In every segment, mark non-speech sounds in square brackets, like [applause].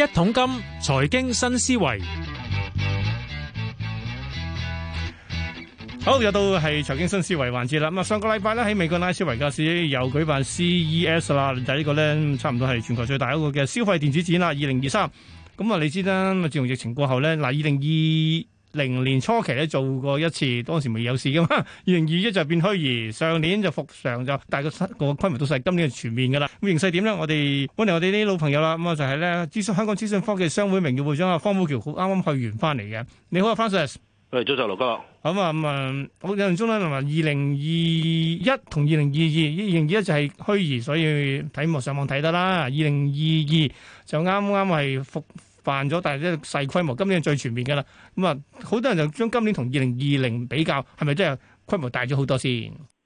一桶金，財經新思維。好，又到係財經新思維環節啦。咁啊，上個禮拜咧喺美國拉斯維加斯又舉辦 CES 啦，就呢個咧差唔多係全球最大一個嘅消費電子展啦。二零二三，咁啊你知啦，自從疫情過後咧，嗱二零二。零年初期咧做過一次，當時未有事噶嘛？二零二一就變虛擬，上年就復常就，但係個個規模都細，今年就全面噶啦。咁形勢點咧？我哋歡迎我哋啲老朋友啦。咁啊就係咧，香港資訊科技商會名譽會長啊，方保僑啱啱去完翻嚟嘅。你好啊 Francis 誒，早晨、嗯，陸、嗯、哥。咁啊咁啊，我印象中咧，就話二零二一同二零二二，二零二一就係虛擬，所以睇莫上網睇得啦。二零二二就啱啱係復。犯咗，但係咧細規模。今年最全面嘅啦，咁啊，好多人就將今年同二零二零比較，係咪真係規模大咗好多先？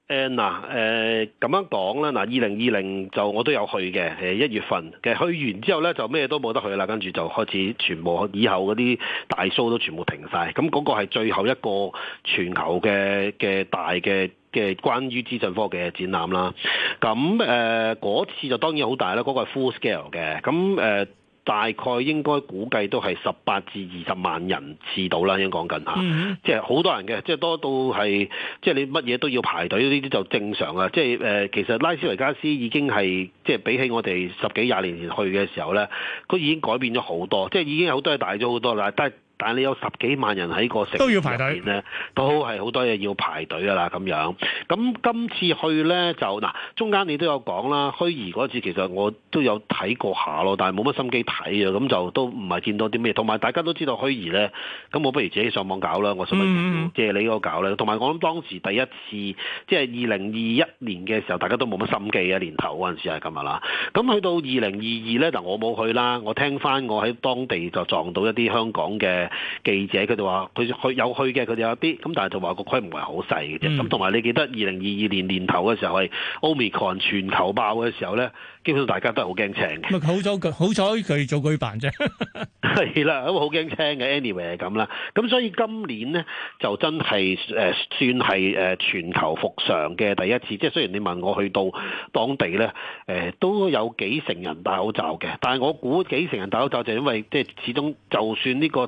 誒嗱、呃，誒、呃、咁樣講啦。嗱、呃，二零二零就我都有去嘅，誒一月份嘅去完之後咧，就咩都冇得去啦，跟住就開始全部以後嗰啲大 s 都全部停晒。咁、那、嗰個係最後一個全球嘅嘅大嘅嘅關於資訊科嘅展覽啦。咁誒嗰次就當然好大啦，嗰、那個係 full scale 嘅。咁誒。呃大概應該估計都係十八至二十萬人次到啦，已經講緊嚇，即係好多人嘅，即係多到係，即係你乜嘢都要排隊，呢啲就正常啦，即係、呃、其實拉斯維加斯已經係即係比起我哋十幾廿年前去嘅時候咧，佢已經改變咗好多，即係已經好多嘢大咗好多啦，但係但係你有十幾萬人喺個城都入邊咧，都係好多嘢要排隊噶啦咁樣。咁今次去呢，就嗱，中間你都有講啦。虛擬嗰次其實我都有睇過下咯，但係冇乜心機睇啊。咁就都唔係見到啲咩。同埋大家都知道虛擬呢，咁我不如自己上網搞啦。我想即係、嗯、借你嗰個搞咧。同埋我諗當時第一次即係二零二一年嘅時候，大家都冇乜心機啊年頭嗰陣時係咁日啦。咁去到二零二二呢，嗱，我冇去啦。我聽翻我喺當地就撞到一啲香港嘅。記者佢就話佢去有去嘅，佢就有啲咁，但係就話個規模係好細嘅啫。咁同埋你記得二零二二年年頭嘅時候係 Omicron 全球爆嘅時候咧，基本上大家都係好驚青嘅。咁好彩佢好彩佢做舉辦啫，係 [laughs] 啦，咁好驚青嘅。anyway 咁啦。咁所以今年咧就真係誒、呃、算係誒全球復常嘅第一次。即係雖然你問我去到當地咧，誒、呃、都有幾成人戴口罩嘅，但係我估幾成人戴口罩就係因為即係始終就算呢、呢個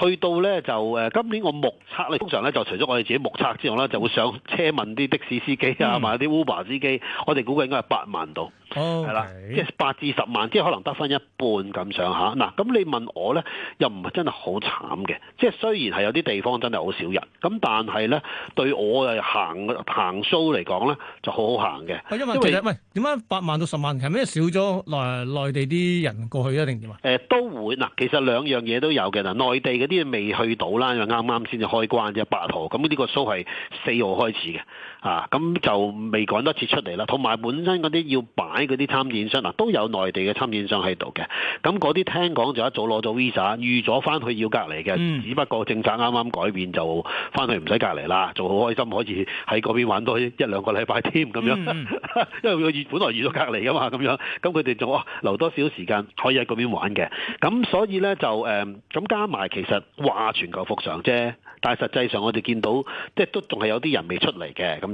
去到呢，就誒，今年我目測呢，通常呢，就除咗我哋自己目測之外呢，就會上車問啲的士司機啊，埋啲 Uber 司機，我哋估計應該係八萬度。係啦，Okay. 即係八至十萬，即係可能得翻一半咁上下。嗱，咁你問我咧，又唔係真係好慘嘅。即係雖然係有啲地方真係好少人，咁但係咧，對我行行 show 嚟講咧，就好好行嘅。因為其實你喂，點解八萬到十萬係咪少咗？內內地啲人過去一定點啊？誒、呃，都會嗱，其實兩樣嘢都有嘅啦。內地嗰啲未去到啦，因為啱啱先至開關啫，八號。咁呢個 show 係四號開始嘅。啊，咁就未趕得切出嚟啦。同埋本身嗰啲要擺嗰啲參展商啊，都有內地嘅參展商喺度嘅。咁嗰啲聽講就一早攞咗 Visa，預咗翻去要隔離嘅。嗯、只不過政策啱啱改變，就翻去唔使隔離啦，就好開心可以喺嗰邊玩多一兩個禮拜添咁樣。嗯、因為預本來預咗隔離噶嘛，咁樣，咁佢哋就留多少時間可以喺嗰邊玩嘅。咁所以呢，就咁、誒、加埋其實話全球復常啫，但係實際上我哋見到，即係都仲係有啲人未出嚟嘅咁。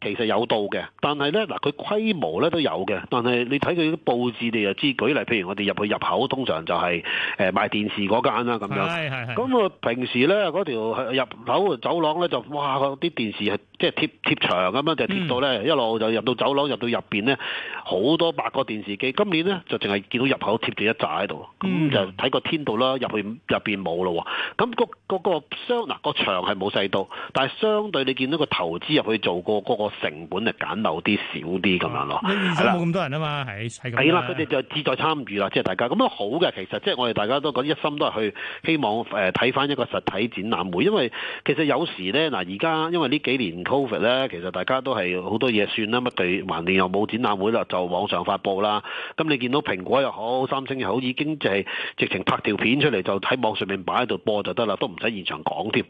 其實有道嘅，但係呢，嗱，佢規模呢都有嘅。但係你睇佢啲佈置，你就知。舉例，譬如我哋入去入口，通常就係、係呃、賣電視嗰間啦咁樣。咁啊，平時呢，嗰條入口走廊呢，就哇，啲電視係即係貼貼牆咁樣，就貼到呢，嗯、一路就入到走廊，入到入面呢，好多八個電視機。今年呢，就淨係見到入口貼住一紮喺度，咁、嗯、就睇、個天度啦。入去入面冇咯喎。咁、嗰個、嗰個、嗰個相嗱、嗰個牆係冇細到，但係相對你見到、嗰個投資入去做過嗰、嗰個成本就簡陋啲少啲咁、哦、樣咯，係冇咁多人啊嘛，係係咁啦。係啦，佢哋就志在參與啦，即、就、係、是、大家咁都好嘅。其實即係、就是、我哋大家都嗰一心都係去希望睇翻一個實體展覽會，因為其實有時咧嗱，而家因為呢幾年 covid 咧，其實大家都係好多嘢算啦，乜地橫掂又冇展覽會啦，就網上發布啦。咁你見到蘋果又好，三星又好，已經就係直情拍條片出嚟就喺網上面擺喺度播就得啦，都唔使現場講添。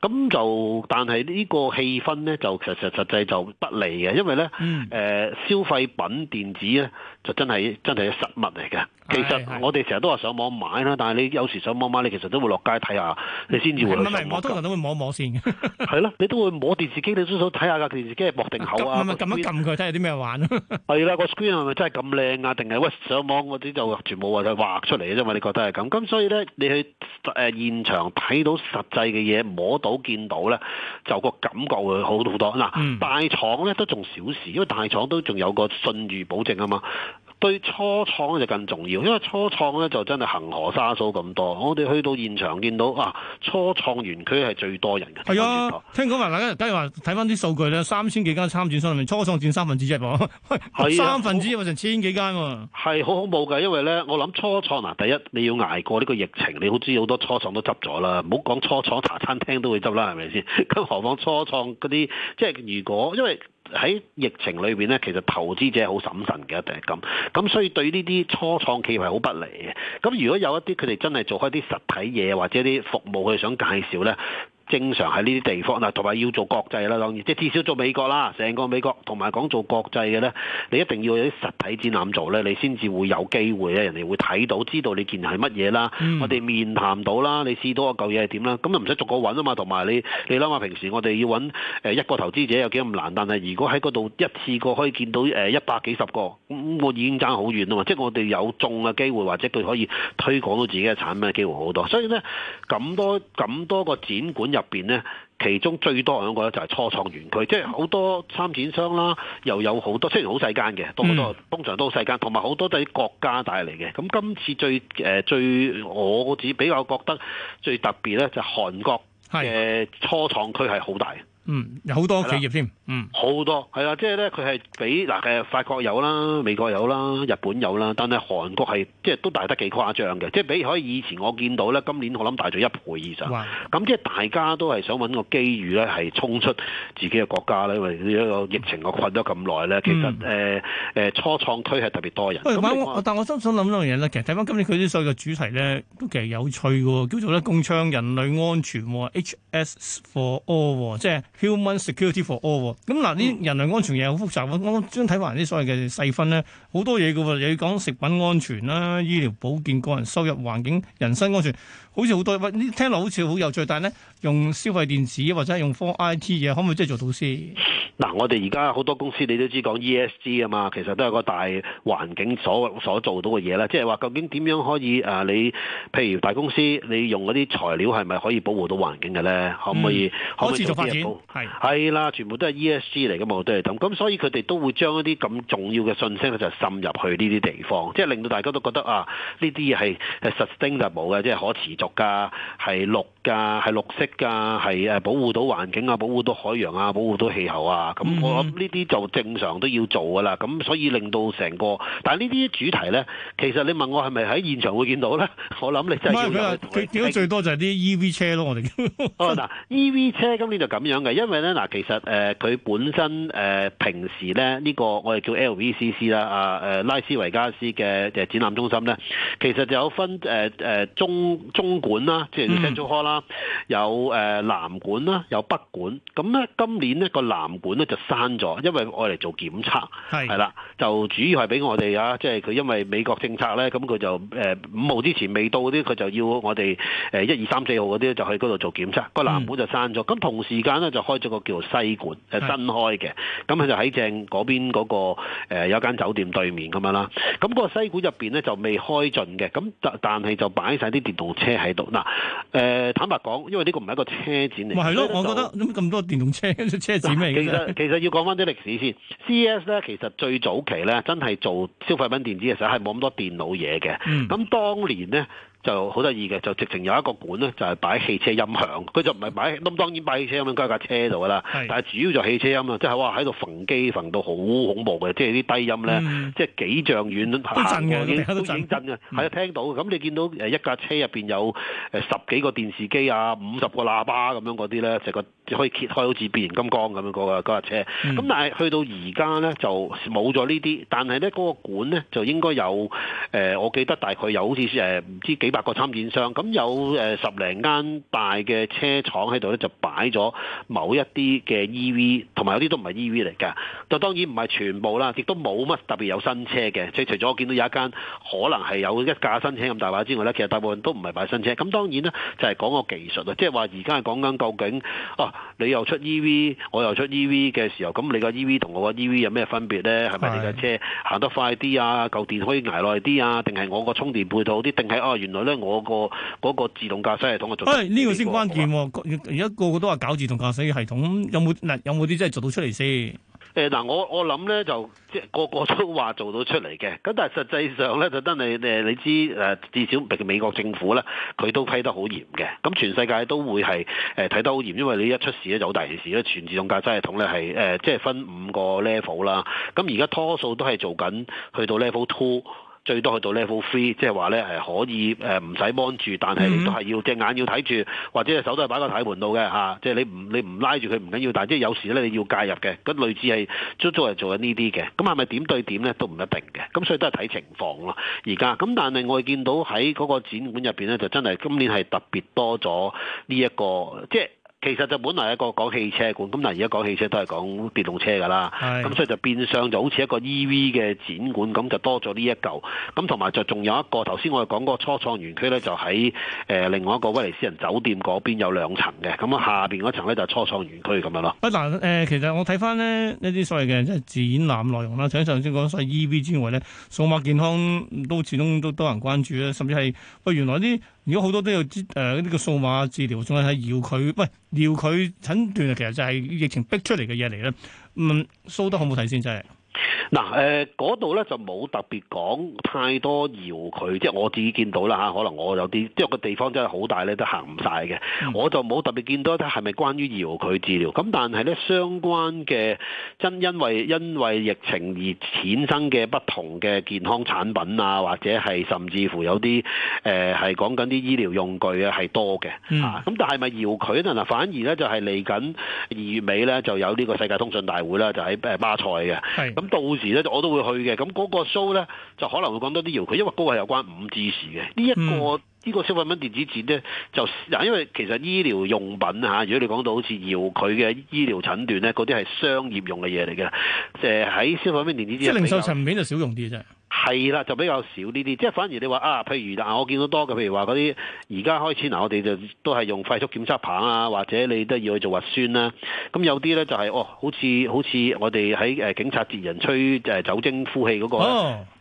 咁就但係呢個氣氛咧，就其實實際。就不利嘅，因為咧，誒，消費品電子咧。就真係真係實物嚟嘅。是的 其實我哋成日都話上網買啦，但係你有時上網買，你其實都會落街睇下，你先至會上網。唔係唔係，我通常，常都會摸摸先嘅。係 [laughs] 咯，你都會摸電視機，你出手睇下架電視機係薄定厚啊？咪撳一撳佢睇下啲咩玩咯？係啦，個 screen 係咪真係咁靚啊？定係喂上網嗰啲就全部話佢畫出嚟嘅啫嘛？你覺得係咁？咁所以咧，你去誒現場睇到實際嘅嘢，摸到見到咧，就個感覺會好好多。嗱，嗯、大廠咧都仲小事，因為大廠都仲有個信譽保證啊嘛。對初創咧就更重要，因為初創咧就真係恆河沙數咁多。我哋去到現場見到啊，初創園區係最多人嘅。係啊，聽講話大家，假如話睇翻啲數據咧，三千幾間參展商入面，初創佔三分之一喎。 [laughs] 啊、三分之一或好成千幾間喎。係好恐怖㗎，因為咧，我諗初創嗱，第一你要捱過呢個疫情，你好知好多初創都執咗啦。唔好講初創茶餐廳都會執啦，係咪先？咁 [laughs] 何況初創嗰啲，即係如果因為。喺疫情裏面咧，其實投資者好審慎嘅，一定係咁。咁所以對呢啲初創企業係好不利嘅。咁如果有一啲佢哋真係做開啲實體嘢或者啲服務，佢哋想介紹咧。正常喺呢啲地方嗱，同埋要做國際啦當然，即係至少做美國啦，成個美國同埋講做國際嘅咧，你一定要有啲實體展覽做咧，你先至會有機會咧，人哋會睇到、知道你件係乜嘢啦。嗯、我哋面談到啦，你試到個舊嘢係點啦，咁就唔使逐個揾啊嘛。同埋你你諗下，平時我哋要揾誒一個投資者有幾咁難？但係如果喺嗰度一次過可以見到誒一百幾十個，咁我已經爭好遠啦嘛。即係我哋有中嘅機會或者佢可以推廣到自己嘅產品嘅機會好多。所以咧，咁多咁多個展館入面咧，其中最多兩個咧就係初創園區，即係好多參展商啦，又有好多雖然好細間嘅，多好多通常都細間，同埋好多都係國家帶嚟嘅。咁今次最誒、呃、最我自己比較覺得最特別咧，就係韓國嘅初創區係好大。嗯，有好多企業添，的嗯，好多係啦，即係咧佢係比嗱，誒，法國有啦，美國有啦，日本有啦，但係韓國係即係都大得幾誇張嘅，即係比如可以以前我見到咧，今年我諗大咗一倍以上，咁哇即係大家都係想搵個機遇咧，係衝出自己嘅國家呢。因為呢個疫情個困咗咁耐咧，其實誒誒、嗯、初創推係特別多人。嗯、但我心想諗一樣嘢咧，其實睇翻今年佢啲所有嘅主題咧，都其實有趣喎，叫做咧共槍人類安全，H S for all, 即係。Human Security for All 咁嗱，呢人類安全嘢好複雜，我剛睇埋啲所謂嘅細分咧，好多嘢㗎喎，又要講食品安全啦、醫療保健、個人收入、環境、人身安全，好似好多喂，聽落好似好有趣，但係咧，用消費電子或者用 for I T 嘢，可唔可以即係做到先？嗱，我哋而家好多公司，你都知講 ESG 啊嘛，其實都係個大環境所所做到嘅嘢啦，即係話究竟點樣可以誒、啊、你譬如大公司，你用嗰啲材料係咪可以保護到環境嘅咧？嗯、可唔可以做？可持續發展係係啦，的的全部都係 ESG 嚟嘅嘛，我都係咁。咁所以佢哋都會將一啲咁重要嘅信息咧，就滲入去呢啲地方，即係令到大家都覺得啊，呢啲嘢 sustainable 就冇嘅，即係可持續噶，係綠噶，係綠、綠色噶，係誒保護到環境啊，保護到海洋啊，保護到氣候啊。咁、嗯嗯、我諗呢啲就正常都要做噶啦，咁所以令到成個，但係呢啲主題呢，其實你問我係咪喺現場會見到呢？我諗你就係佢。唔，最多就係啲 E V 車咯，我哋、 [laughs] 哦。嗱，E V 車今年就咁樣嘅，因為呢嗱，其實誒佢、呃、本身誒、呃、平時呢，呢、呢個我哋叫 L V C C 啦，啊、呃、誒拉斯維加斯嘅展覽中心呢，其實就有分誒誒、呃、中中管啦，即係 Central Hall 啦，嗯、有誒、呃、南管啦，有北管，咁呢，今年呢、個南管，就閂咗，因為我嚟做檢測係啦，就主要係俾我哋啊，即係佢因為美國政策咧，咁佢就誒五、呃、號之前未到啲，佢就要我哋誒一二三四號嗰啲就去嗰度做檢測。個南館就閂咗，咁同時間咧就開咗個叫做西館，呃、新開嘅，咁佢就喺正嗰邊嗰、嗰個、呃、有間酒店對面咁樣啦。咁、嗰個西館入邊咧就未開盡嘅，咁但但係就擺晒啲電動車喺度嗱誒。坦白講，因為呢個唔係一個車展嚟，咪係咯？我覺得咁多電動車車展嚟㗎？ [laughs] 其實要講翻啲歷史先 CES 咧其實最早期咧，真係做消費品電子，嘅時候，係冇咁多電腦嘢嘅。咁、嗯、當年咧就好得意嘅，就,就直情有一個館咧，就係、是、擺汽車音響。佢就唔係擺咁當然擺汽車音響喺架車度噶啦。是但係主要就汽車音啊、就是，即係哇喺度揈機揈到好恐怖嘅，即係啲低音咧，嗯、即係幾丈遠都震嘅，都認真嘅，係聽到。咁你見到一架車入面有十幾個電視機啊，五十個喇叭咁樣嗰啲咧，就個、是。可以揭開好似變形金剛咁樣嗰個嗰架車，咁但係去到而家呢就冇咗呢啲，但係呢嗰個館呢，就應該有誒、呃，我記得大概有好似誒唔知幾百個參展商，咁有十零間大嘅車廠喺度呢，就擺咗某一啲嘅 EV，同埋有啲都唔係 EV 嚟㗎，就當然唔係全部啦，亦都冇乜特別有新車嘅，即係除咗我見到有一間可能係有一架新車咁大把之外呢，其實大部分都唔係擺新車。咁當然呢，就係、係、講個技術、就係、啊，即係話而家係講緊究竟你又出 EV，我又出 EV 嘅時候，咁你個 EV 同我個 EV 有咩分別呢？係咪你架車行得快啲啊？夠電可以挨耐啲啊？定係我個充電配套好啲？定係哦？原來呢？我、個嗰個自動駕駛系統做？呢、哎這個先關鍵、啊。而家吧個個都話搞自動駕駛嘅系統，有冇有冇啲真係做到出嚟先？誒嗱、呃，我我諗咧就即係個個都話做到出嚟嘅，咁但係實際上咧就真係你，你知至少美國政府咧佢都批得好嚴嘅，咁全世界都會係睇、呃、得好嚴，因為你一出事咧就好大件事，因為全自動駕駛系統咧係誒即係分五個 level 啦，咁而家多數都係做緊去到 level two。最多去到 level three，即係話咧係可以誒唔使幫住，但係都係要隻眼要睇住，或者隻手都係擺個睇門度嘅吓，即係你唔你唔拉住佢唔緊要，但係即係有時咧你要介入嘅。咁類似係出租係做緊呢啲嘅，咁係咪點對點咧都唔一定嘅。咁所以都係睇情況咯。而家咁，但係我見到喺嗰個展館入邊咧，就真係今年係特別多咗呢一個即係其實就本來一個講汽車館，咁但係而家講汽車都係講電動車㗎啦，咁的所以就變相就好似一個 E V 嘅展館，咁就多咗呢一嚿。咁同埋就仲有一個，頭先我哋講過初創園區呢，就喺誒另外一個威尼斯人酒店嗰邊有兩層嘅，咁啊下邊嗰層呢，就係初創園區咁樣咯。嗱，其實我睇翻呢一啲所謂嘅即係展覽內容啦，除咗頭先講咗 E V 之外呢，數碼健康都始終都多人關注啦，甚至係喂原來啲。如果好多都、呃、這個、要啲誒個數碼治療，仲係要佢，喂要佢診斷啊！其實就係疫情逼出嚟嘅嘢嚟咧。嗯，蘇得好唔好睇先，真係。嗱，誒，嗰度咧就冇特別講太多遙距，即係我自己見到啦吓，可能我有啲，即係個地方真係好大咧，都行唔晒嘅，嗯、我就冇特別見到睇係咪關於遙距治療，咁但係咧相關嘅真因為因為疫情而產生嘅不同嘅健康產品啊，或者係甚至乎有啲誒係講緊啲醫療用具啊，係多嘅，咁但係咪遙距呢？嗱，反而咧就係嚟緊二月尾咧就有呢個世界通訊大會啦，就喺巴塞嘅，咁到時咧，我都會去嘅。咁、那、嗰個 show 咧，就可能會講多啲遙距，因為嗰個係有關五 G 事嘅。呢、這、一個呢、這個消費品電子展咧，就嗱，因為其實醫療用品嚇、啊，如果你講到好似遙距嘅醫療診斷咧，嗰啲係商業用嘅嘢嚟嘅，即係喺消費品電子展。即零售層面就少用啲啫。係啦，就比較少呢啲，即係反而你話啊，譬如嗱，我見到多嘅，譬如話嗰啲而家開始嗱，我哋就都係用快速檢測棒啊，或者你都要去做核酸啦。咁有啲咧就係、是、哦，好似好似我哋喺警察截人吹誒酒精呼氣嗰、那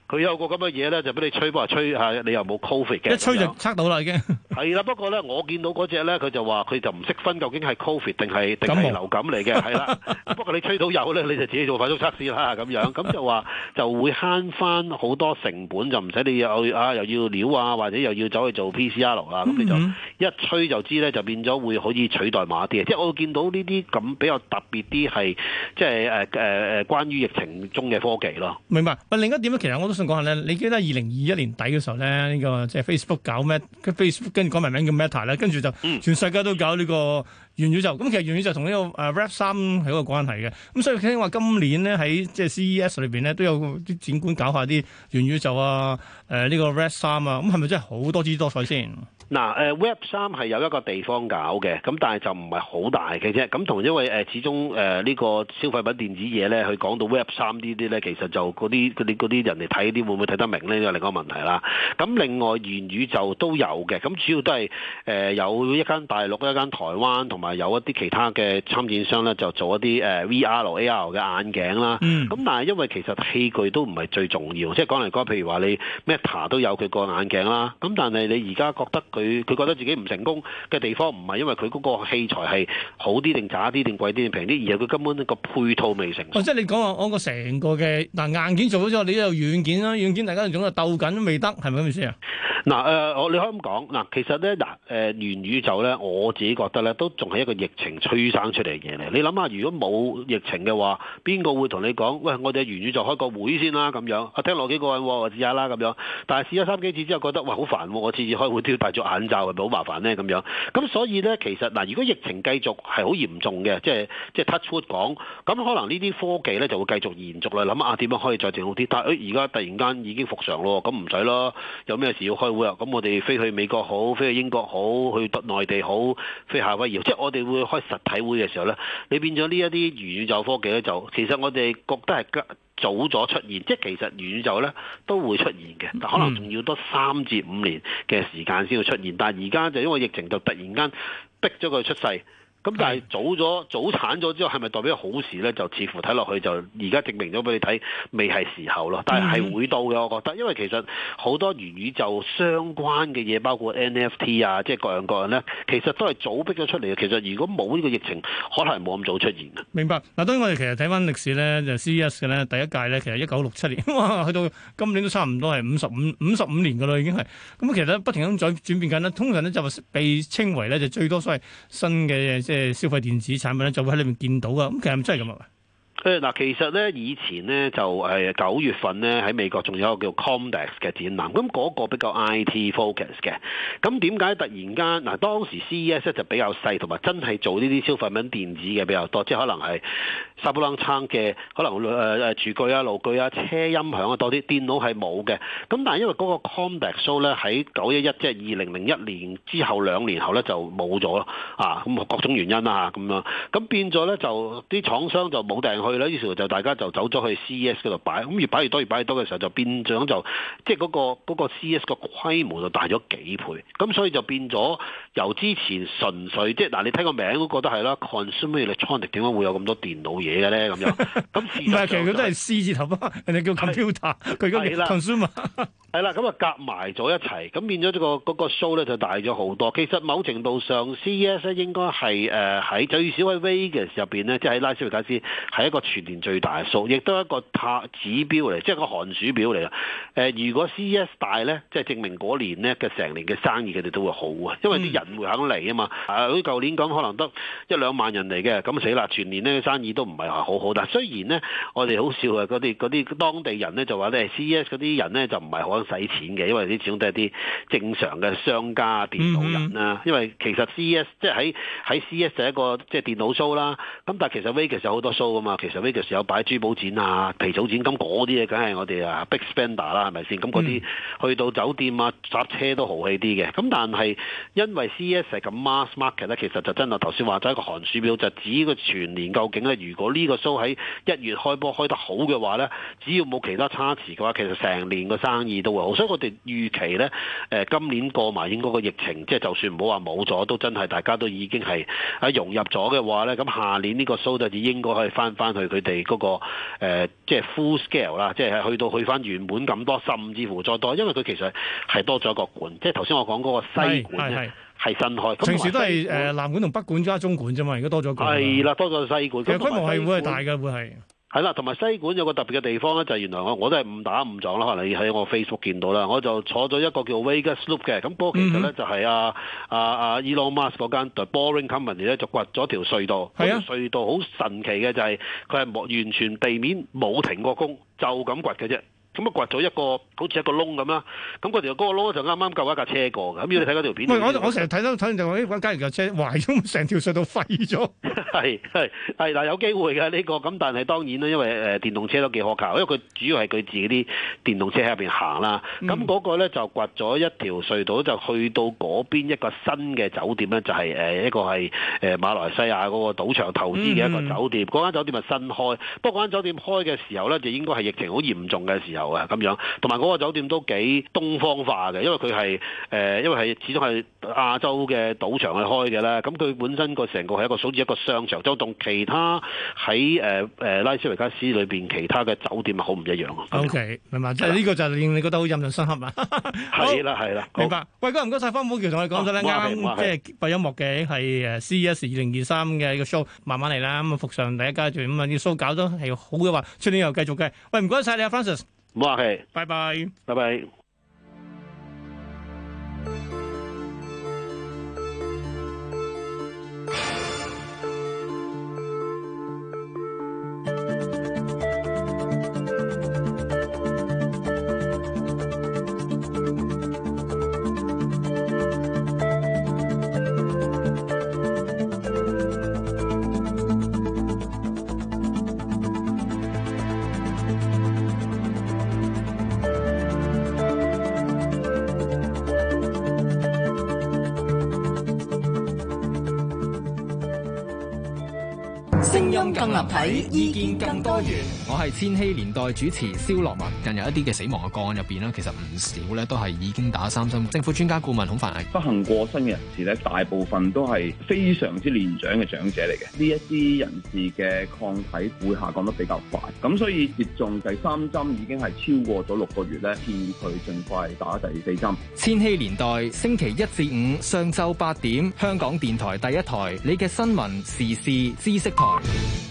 個，佢、oh. 有個咁嘅嘢咧，就俾你吹波，吹下、啊，你又冇 COVID 嘅，19, 一吹就測到啦已經。 [laughs] 係啦，不過咧，我見到嗰隻咧，佢就話佢就唔識分究竟係 COVID 定係定係流感嚟嘅，係啦。的 [laughs] 不過你吹到有咧，你就自己做快速測試啦，咁樣咁就話就會慳翻好多成本，就唔使你又啊又要料啊，或者又要走去做 PCR 啦、啊。咁、嗯嗯、你就一吹就知咧，就變咗會可以取代某啲，即係我見到呢啲咁比較特別啲係，即係誒誒誒，關於疫情中嘅科技咯。明白。問另外一點其實我都想講下咧，你記得二零二一年底嘅時候咧，呢、這個即係、就是、Facebook 搞咩？Facebook 跟住改埋名叫 Meta 啦，跟住就全世界都搞呢個元宇宙。咁其實元宇宙同呢個誒 Rap 三係一個關係嘅。咁所以聽話今年咧喺即係 CES 裏邊咧都有啲展館搞一下啲元宇宙啊，誒、這、呢個 Rap 三啊。咁係咪真係好多姿多彩先？嗱、嗯、Web 三係有一個地方搞嘅，咁但係就唔係好大嘅啫。咁同因為誒始終誒呢個消費品電子嘢咧，佢講到 Web 三呢啲咧，其實就嗰啲嗰啲嗰啲人嚟睇，啲會唔會睇得明咧？又另一個問題啦。咁另外元宇宙都有嘅，咁主要都係誒有一間大陸、一間台灣，同埋有一啲其他嘅參展商咧，就做一啲 VR、AR 嘅眼鏡啦。咁、嗯、但係因為其實器具都唔係最重要，即係講嚟講，譬如話你 Meta 都有佢個眼鏡啦。咁但係你而家覺得佢佢覺得自己唔成功嘅地方，唔係因為佢嗰個器材係好啲定渣啲定貴啲定平啲，而係佢根本個配套未成熟。哦，即係你講話我個成個嘅嗱硬件做咗之後，你有軟件啦，軟件大家總係鬥緊都未得，係咪咁意思啊？嗱、呃，誒我你可以咁講嗱，其實咧嗱誒元宇宙咧，我自己覺得咧都仲係一個疫情催生出嚟嘅嘢嚟。你諗下，如果冇疫情嘅話，邊個會同你講喂，我哋喺元宇宙開個會先啦、啊、咁樣，我聽落幾個人我試下啦、啊、咁樣。但係試咗三幾次之後，覺得喂，好、呃、煩喎、啊，我次次開會都要帶咗眼罩係咪好麻煩呢？咁樣，咁所以呢，其實嗱，如果疫情繼續係好嚴重嘅，即係即係 touch wood 講，咁可能呢啲科技呢就會繼續延續啦。諗下點樣可以再整好啲？但係而家突然間已經復常咯，咁唔使囉。有咩事要開會啊？咁我哋飛去美國好，飛去英國好，去內地好，飛夏威夷，即係我哋會開實體會嘅時候呢，你變咗呢一啲元宇宙科技呢，就其實我哋覺得係。早咗出現，即係其實遠就咧都會出現嘅，但可能仲要多三至五年嘅時間先會出現。但係而家就因為疫情就突然間逼咗佢出世。咁但係早咗、早產咗之後，係咪代表好事咧？就似乎睇落去就而家證明咗俾你睇，未係時候咯。但係係會到嘅，我覺得，因為其實好多元宇宙相關嘅嘢，包括 NFT 啊，即係各樣各樣咧，其實都係早逼咗出嚟嘅。其實如果冇呢個疫情，可能係冇咁早出現。明白嗱，當然我哋其實睇翻歷史咧，就 CES 嘅咧第一屆咧，其實一九六七年哇，去到今年都差唔多係五十五五十五年噶啦，已經係咁。其實不停咁在轉變緊。通常咧就被稱為咧就最多所謂新嘅。即係消費電子產品咧，就會喺裏面見到㗎，咁其實真係咁啊。嗱，其實咧以前咧就誒九，呃、月份咧喺美國仲有一個叫 Comdex 嘅展覽，咁、嗰個比較 IT focus 嘅。咁點解突然間嗱、啊、當時 CES 就比較細同埋真係做呢啲消費品電子嘅比較多，即係可能係沙普朗撐嘅可能誒誒廚具啊、爐具啊、車音響啊多啲，電腦係冇嘅。咁但係因為嗰個 Comdex show 咧喺九一一即係二零零一年之後兩年後咧就冇咗啦，啊咁各種原因啦吓咁樣咁變咗咧就啲廠商就冇埞去。去啦，於是就大家就走咗去 CES 嗰度擺，咁越擺越多，越擺越多嘅時候就變咗就即係嗰個 CES、嗰個 CES 個規模就大咗幾倍，咁所以就變咗由之前純粹即係嗱、啊、你睇個名都覺得係啦，consumer electronics 點解會有咁多電腦嘢嘅咧咁樣？咁事 [laughs] 實其實佢都係 C 字頭啊， [laughs] 人哋叫 computer，佢而家叫 consumer，係啦是，咁啊夾埋咗一齊，咁變咗呢、呢個嗰個 show 咧就大咗好多。其實某程度上 CES 咧應該係喺、呃、最少喺 Vegas 入邊咧，即係喺拉斯維加斯係一個全年最大嘅數，亦都係一個塔指標嚟，即係個寒暑表嚟啦。誒、呃，如果 CES 大咧，即係證明嗰年咧嘅成年嘅生意，佢哋都會好啊，因為啲人會肯嚟啊嘛。啊，好似舊年咁，可能得一兩萬人嚟嘅，咁死啦，全年咧生意都唔係話好好。但係雖然咧，我哋好笑啊，嗰啲嗰啲當地人咧就話咧，CES 嗰啲人咧就唔係好想使錢嘅，因為啲始終都係啲正常嘅商家啊、電腦人啊。嗯嗯，因為其實 CES 即係喺喺 CES 就一個即係電腦 show 啦，咁但係其實 Vegas 有好多 show 噶嘛。其實呢，就時有擺珠寶展啊、皮草展金，咁嗰啲嘢梗係我哋啊 big spender 啦，係咪先？咁嗰啲去到酒店啊、搭車都豪氣啲嘅。咁但係因為 CES 咁 mass market 呢，其實就真係頭先話咗一個寒暑表，就指個全年究竟呢，如果呢個 show 喺一月開波開得好嘅話呢，只要冇其他差池嘅話，其實成年嘅生意都會好。所以我哋預期呢，今年過埋應該個疫情，即係就算唔好話冇咗，都真係大家都已經係融入咗嘅話呢。咁下年呢個 show 就應該可以翻翻。佢哋嗰個誒、呃，即係 full scale 啦，即係去到去翻原本咁多，甚至乎再多，因為佢其實係多咗一個館，即係頭先我講嗰個西館啫，係新開，平時都係誒南館同北館加中館啫嘛，而家多咗個館，係啦，多咗個西館，其實規模係會係大嘅，會係。係啦，同埋西館有個特別嘅地方咧，就係、是、原來我我都係誤打誤撞啦，可能你喺我 Facebook 見到啦，我就坐咗一個叫 Vegas Loop 嘅，咁不過其實咧就係阿阿阿 Elon Musk 嗰間 The Boring Company 咧就掘咗條隧道，係呀，條隧道好神奇嘅就係佢係完全地面冇停過工，就咁掘嘅啫。咁啊，掘咗一個好似一個窿咁啦，咁嗰條嗰個窿就啱啱夠一架車過嘅，咁要你睇嗰條片。唔係，我我成日睇到睇到就話呢間架車壞咗，成條隧道廢咗。係係係嗱，有機會嘅呢、呢個，咁但係當然啦，因為誒、呃、電動車都幾可靠，因為佢主要係佢自己啲電動車喺入面行啦。咁嗰個咧就掘咗一條隧道，就去到嗰邊一個新嘅酒店咧，就係、係、一個係誒馬來西亞嗰個賭場投資嘅一個酒店。嗰、嗯嗯、間酒店係新開，不過嗰間酒店開嘅時候咧，就應該係疫情好嚴重嘅時候。啊咁樣，同埋嗰個酒店都幾東方化嘅，因為佢係誒，因為係始終係亞洲嘅賭場去開嘅啦。咁佢本身個成個係一個數字一個商場，就同其他喺誒誒拉斯維加斯裏邊其他嘅酒店好唔一樣咯。OK，明白。即係呢個就令你覺得好印象深刻嘛？係啦係啦，明白。喂，唔該曬方保僑同我講咗咧啱，即係播音樂嘅係誒 CES 二零二三嘅呢個 show，慢慢嚟啦。咁啊，復上第一階段咁啊，啲 show 搞得係好嘅話，出年又繼續嘅。喂，唔該曬你啊，Francis。冇客氣，拜拜，拜拜。聲音更立體，意見更多元。我係千禧年代主持蕭樂文。近日一啲嘅死亡嘅個案入邊，其實唔少咧都係已經打三針。政府專家顧問孔繁毅，不幸過身嘅人士咧，大部分都係非常之年長嘅長者嚟嘅。呢一啲人士嘅抗體會下降得比較快，咁所以接種第三針已經係超過咗六個月咧，建議佢盡快打第四針。千禧年代星期一至五上晝八點，香港電台第一台，你嘅新聞時事知識台。